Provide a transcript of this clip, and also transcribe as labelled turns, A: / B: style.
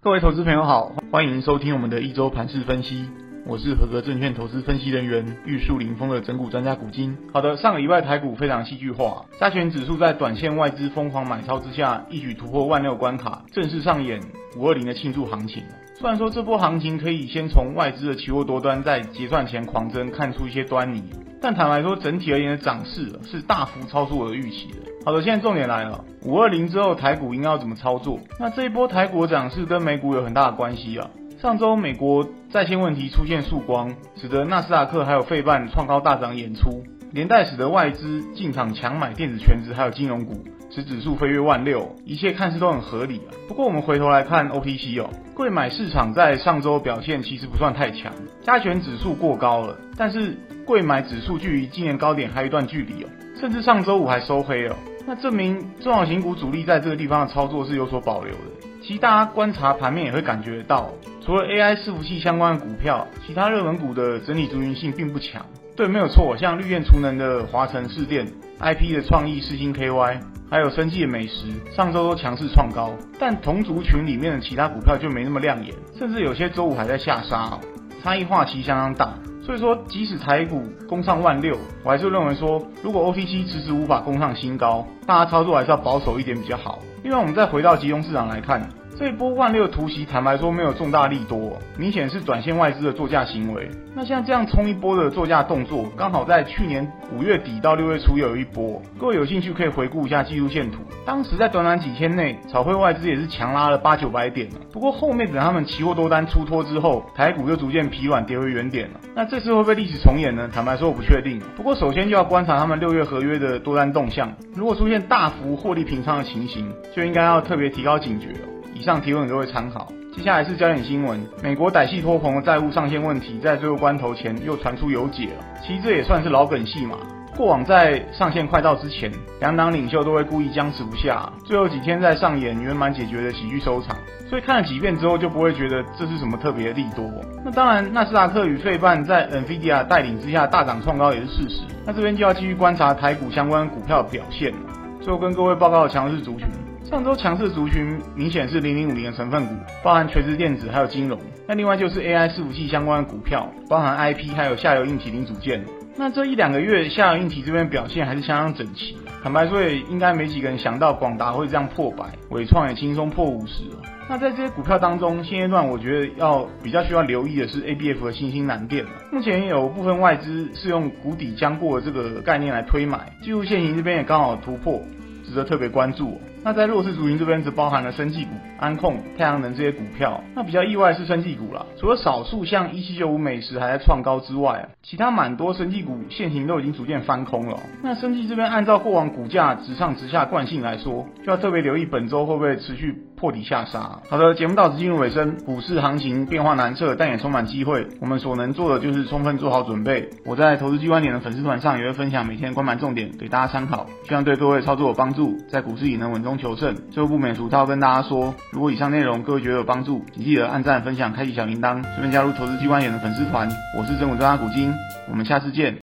A: 各位投資朋友好，歡迎收聽我們的一周盤勢分析。我是合格證券投資分析人員玉樹臨風的拯股專家股晶。好的，上個禮拜台股非常戲劇化，加權指數在短線外資瘋狂買超之下，一舉突破萬六關卡，正式上演五二零的慶祝行情。雖然說這波行情可以先從外資的期貨多單，在結算前狂增看出一些端倪，但坦白說，整體而言的漲勢是大幅超出我的預期的。好的，現在重點來了，520之後台股應該要怎麼操作？那這一波台股漲勢跟美股有很大的關係啊。上周美國債限問題出現曙光，使得納斯達克還有費半創高大漲演出，連帶使得外資進場搶買電子、權值還有金融股，使指數飛越萬六，一切看似都很合理啊。不過我們回頭來看 OTC 哦，櫃買市場在上周表現其實不算太強，加權指數過高了，但是櫃買指數距離今年高點還有一段距離哦，甚至上周五還收黑哦。那證明中小型股主力在這個地方的操作是有所保留的。其實大家觀察盤面也會感覺得到，除了 AI 伺服器相關的股票，其他熱門股的整體族群性並不強。對，沒有錯，像綠電儲能的華城、士電、IP 的創意、世芯 KY，還有生技的美時，上周都強勢創高，但同族群裡面的其他股票就沒那麼亮眼，甚至有些周五還在下殺，差異化其實相當大。所以說，即使台股攻上萬六，我還是認為說，如果 OTC 遲遲無法攻上新高，大家操作還是要保守一點比較好。另外，我們再回到集中市場來看。這波萬六突襲，坦白說沒有重大利多，明顯是短線外資的作價行為。那像這樣衝一波的作價動作，剛好在去年五月底到六月初有一波。各位有興趣可以回顧一下技術線圖，當時在短短幾天內，炒匯外資也是強拉了八九百點。不過後面等他們期貨多單出脫之後，台股又逐漸疲軟跌回原點了。那這次會不會歷史重演呢？坦白說我不確定。不過首先就要觀察他們六月合約的多單動向，如果出現大幅獲利平倉的情形，就應該要特別提高警覺。以上提問你都會參考。接下來是焦點新聞：美國歹戲拖棚的債務上限問題，在最後關頭前又傳出有解了。其實這也算是老梗戲嘛。過往在上限快到之前，兩黨領袖都會故意僵持不下，最後幾天再上演圓滿解決的喜劇收場。所以看了幾遍之後，就不會覺得這是什麼特別的利多。那當然，納斯達克與費半在 Nvidia 帶領之下大漲創高也是事實。那這邊就要繼續觀察台股相關的股票的表現了。最後跟各位報告強勢族群。上週強勢族群明顯是零零五零的成分股，包含權值電子還有金融，那另外就是 AI 伺服器相關的股票，包含 IP 還有下游硬體零組件。那這一兩個月下游硬體這邊表現還是相當整齊，坦白說也應該沒幾個人想到廣達會這樣破百，緯創也輕鬆破五十。那在這些股票當中，現階段我覺得要比較需要留意的是 ABF 的欣興、南電，目前有部分外資是用谷底將過的這個概念來推買，技術線型這邊也剛好突破，值得特別關注喔。那在弱勢族群這邊，只包含了生技股、安控、太陽能這些股票。那比較意外是生技股啦，除了少數像一七九五美食還在創高之外，其他蠻多生技股現行都已經逐漸翻空了喔。那生技這邊，按照過往股價直上直下慣性來說，就要特別留意本周會不會持續。破底下殺、啊。好的，節目到此進入尾聲。股市行情變化難測，但也充滿機會。我們所能做的就是充分做好準備。我在投資 G 觀點的粉絲團上也會分享每天關門重點給大家參考，希望對各位操作有幫助，在股市也能穩中求勝。最後不免俗套，跟大家說，如果以上內容各位覺得有幫助，請記得按讚、分享、開啟小鈴鐺，順便加入投資 G 觀點的粉絲團。我是拯股專家股晶，我們下次見。